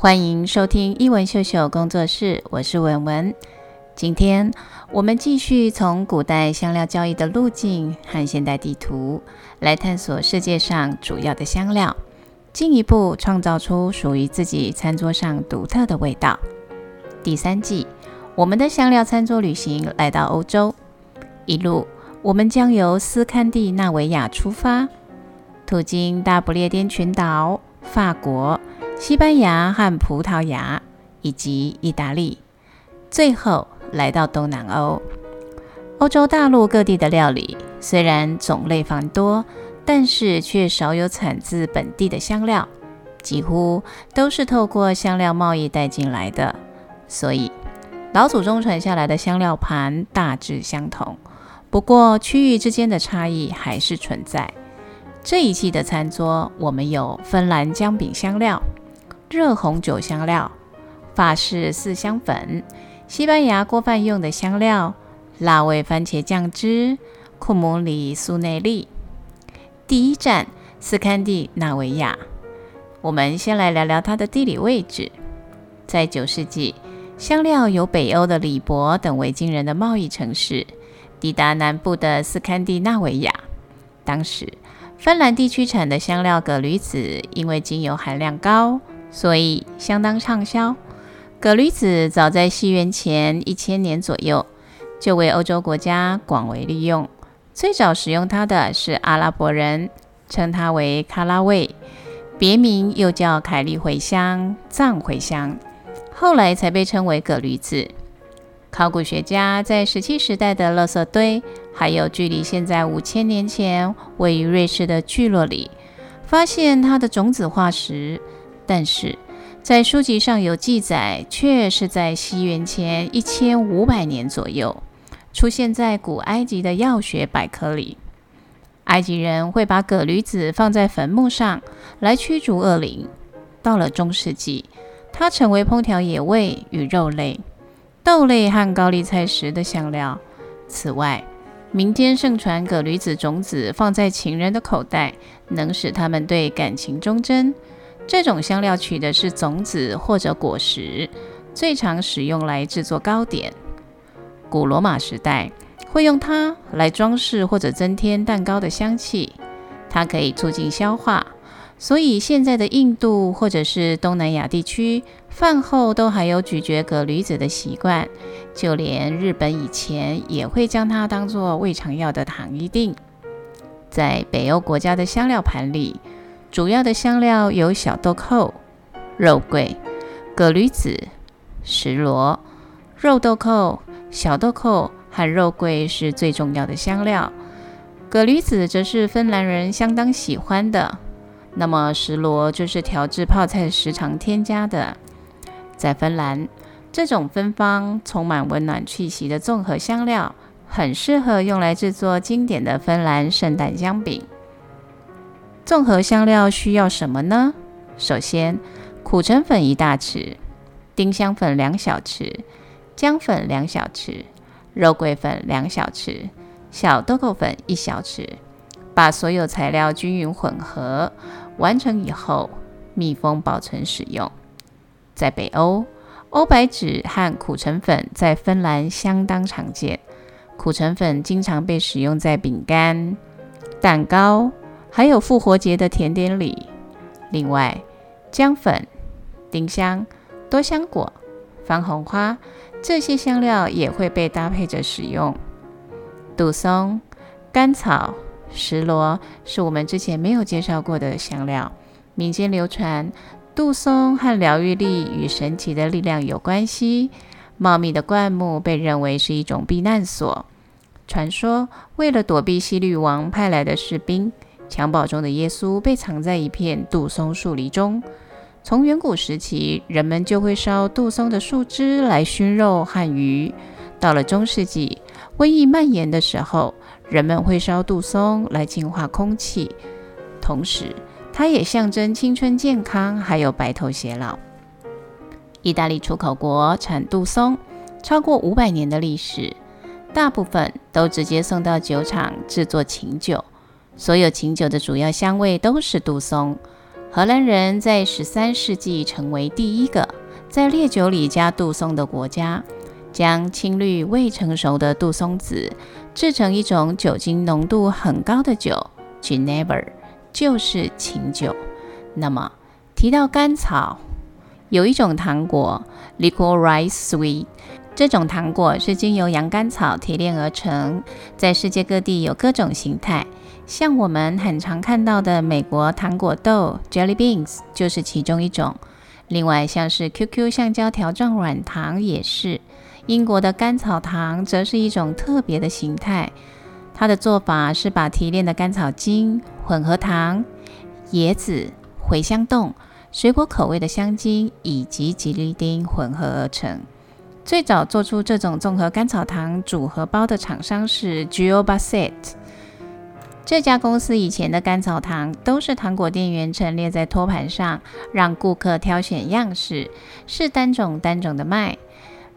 歡迎收聽伊文秀秀工作室，我是文文。今天我們繼續從古代香料交易的路徑和現代地圖來探索世界上主要的香料，進一步創造出屬於自己餐桌上獨特的味道。第三季我們的香料餐桌旅行來到歐洲，一路我們將由斯堪地納維亞出發，途經大不列顛群島、法國。西班牙和葡萄牙以及意大利，最後來到東南歐。歐洲大陸各地的料理雖然種類繁多，但是卻少有產自本地的香料，幾乎都是透過香料貿易帶進來的。所以，老祖宗傳下來的香料盤大致相同，不過區域之間的差異還是存在。這一季的餐桌，我們有芬蘭薑餅香料。熱紅酒香料、法式四香粉、西班牙鍋飯用的香料、辣味番茄醬汁、庫姆里蘇內利。第一站，斯堪地納維亞。我們先來聊聊它的地理位置。在九世紀，香料由北歐的里伯等維京人的貿易城市抵達南部的斯堪地納維亞。當時，芬蘭地區產的香料葛縷子，因為精油含量高。所以相當暢銷。葛縷子早在西元前一千年左右就為歐洲國家廣為利用。最早使用它的是阿拉伯人，稱它為卡拉味，別名又叫凱莉茴香、藏茴香，後來才被稱為葛縷子。考古學家在石器時代的垃圾堆，還有距離現在五千年前位於瑞士的聚落裡，發現它的種子化石。但是在書籍上有記載，卻是在西元前一千五百年左右，出現在古埃及的藥學百科裡。埃及人會把葛縷子放在墳墓上來驅逐惡靈。到了中世紀，它成為烹調野味與肉類、豆類和高麗菜時的香料。此外，民間盛傳葛縷子種籽放在情人的口袋，能使他們對感情忠貞。這種香料取的是種子或者果實，最常使用來製作糕點。古羅馬時代會用它來裝飾或者增添蛋糕的香氣，它可以促進消化，所以現在的印度或者是東南亞地區，飯後都還有咀嚼葛縷子的習慣。就連日本以前也會將它當作胃腸藥的糖衣錠，在北歐國家的香料盤裡。主要的香料有小豆蔻、肉桂、葛縷子、蒔蘿。肉豆蔻、小豆蔻和肉桂是最重要的香料，葛縷子則是芬蘭人相當喜歡的。那麼蒔蘿就是調制泡菜時常添加的。在芬蘭，這種芬芳、充滿溫暖氣息的綜合香料，很適合用來制作經典的芬蘭聖誕薑餅。綜合香料需要什麼呢？首先，苦橙粉一大匙，丁香粉兩小匙，薑粉兩小匙，肉桂粉兩小匙，小豆蔻粉一小匙。把所有材料均勻混合，完成以後密封保存使用。在北歐，歐白芷和苦橙粉在芬蘭相當常見，苦橙粉經常被使用在餅乾、蛋糕。還有復活節的甜點裡，另外薑粉、丁香、多香果、番紅花這些香料也會被搭配着使用。杜松、甘草、石螺是我們之前沒有介紹過的香料。民間流傳，杜松和療癒力與神奇的力量有關係。茂密的灌木被認為是一種避難所。傳說，為了躲避希律王派來的士兵。襁褓中的耶穌被藏在一片杜松樹林中。從遠古時期，人們就會燒杜松的樹枝來燻肉和魚。到了中世紀，瘟疫蔓延的時候，人們會燒杜松來淨化空氣，同時它也象徵青春、健康，還有白頭偕老。意大利出口國產杜松，超過五百年的歷史，大部分都直接送到酒廠製作琴酒。所有琴酒的主要香味都是杜松。荷蘭人在十三世紀成為第一個在烈酒裡加杜松的國家，將青綠未成熟的杜松子製成一種酒精濃度很高的酒 genever 就是琴酒。那麼提到甘草，有一種糖果 liquorice sweet，這種糖果是經由洋甘草提煉而成，在世界各地有各種形態。像我們很常看到的美國糖果豆 （Jelly Beans） 就是其中一種。另外，像是 QQ 橡膠條狀軟糖也是。英國的甘草糖則是一種特別的形態。它的做法是把提煉的甘草精、混合糖、椰子、茴香凍、水果口味的香精以及吉利丁混合而成。最早做出這種綜合甘草糖組合包的廠商是 Geo Bassett。這家公司以前的甘草糖都是糖果店員陳列在托盤上，讓顧客挑選樣式，是單種單種的賣。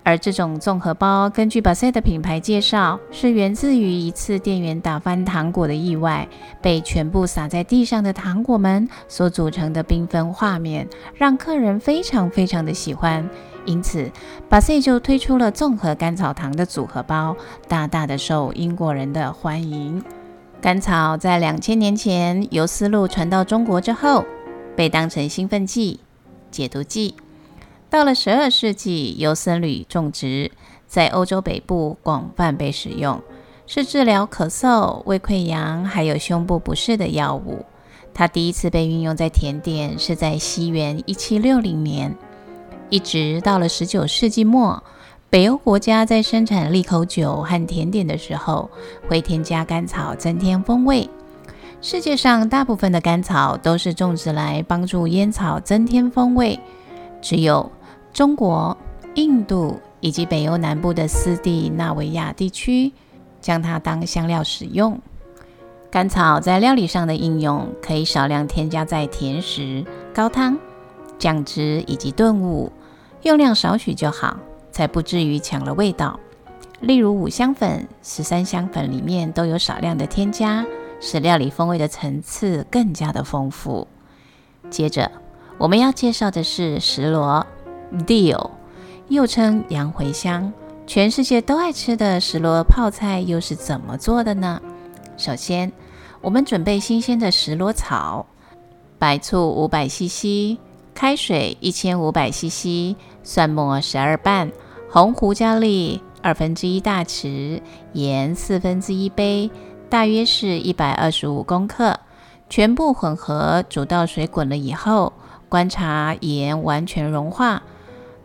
而這種綜合包，根據 Bassett 的品牌介紹，是源自於一次店員打翻糖果的意外，被全部撒在地上的糖果們所組成的繽紛畫面，讓客人非常非常的喜歡。因此，Bassett 就推出了綜合甘草糖的組合包，大大的受英國人的歡迎。甘草在兩千年前由絲路傳到中國之後，被當成興奮劑、解毒劑。到了十二世紀，由僧侶種植，在歐洲北部廣泛被使用，是治療咳嗽、胃潰瘍還有胸部不適的藥物。它第一次被運用在甜點，是在西元一七六零年，一直到了十九世紀末。北歐國家在生產利口酒和甜點的時候，會添加甘草增添風味。世界上大部分的甘草都是種植來幫助菸草增添風味，只有中國、印度以及北歐南部的斯蒂納維亞地區將它當香料使用。甘草在料理上的應用可以少量添加在甜食、高湯、醬汁以及燉物，用量少許就好。才不至於搶了味道。例如五香粉、十三香粉裡面都有少量的添加，使料理風味的層次更加的豐富。接着，我們要介紹的是石螺 d e a l 又稱洋茴香。全世界都愛吃的石螺泡菜又是怎麼做的呢？首先，我們準備新鮮的石螺草、白醋五百 CC、開水一千五百 CC。蒜末十二瓣，紅胡椒粒二分之一大匙，鹽四分之一杯，大約是一百二十五公克，全部混合。煮到水滾了以後，觀察鹽完全融化，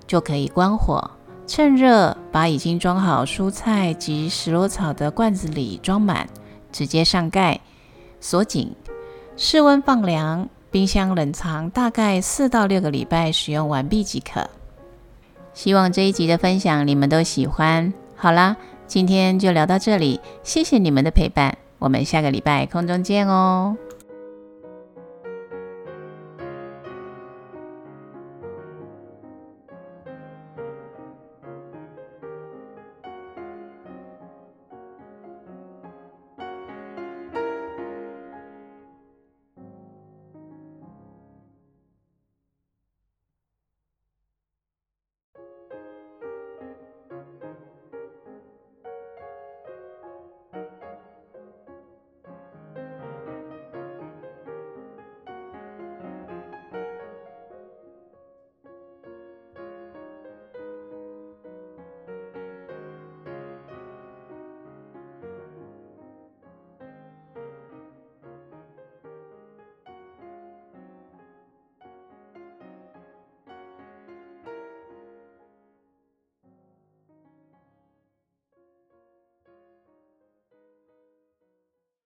就可以關火。趁熱把已經裝好蔬菜及蒔蘿草的罐子裡裝滿，直接上蓋，鎖緊。室溫放涼，冰箱冷藏大概四到六個禮拜，使用完畢即可。希望這一集的分享你們都喜歡。好啦，今天就聊到這裡，謝謝你們的陪伴，我們下個禮拜空中見哦。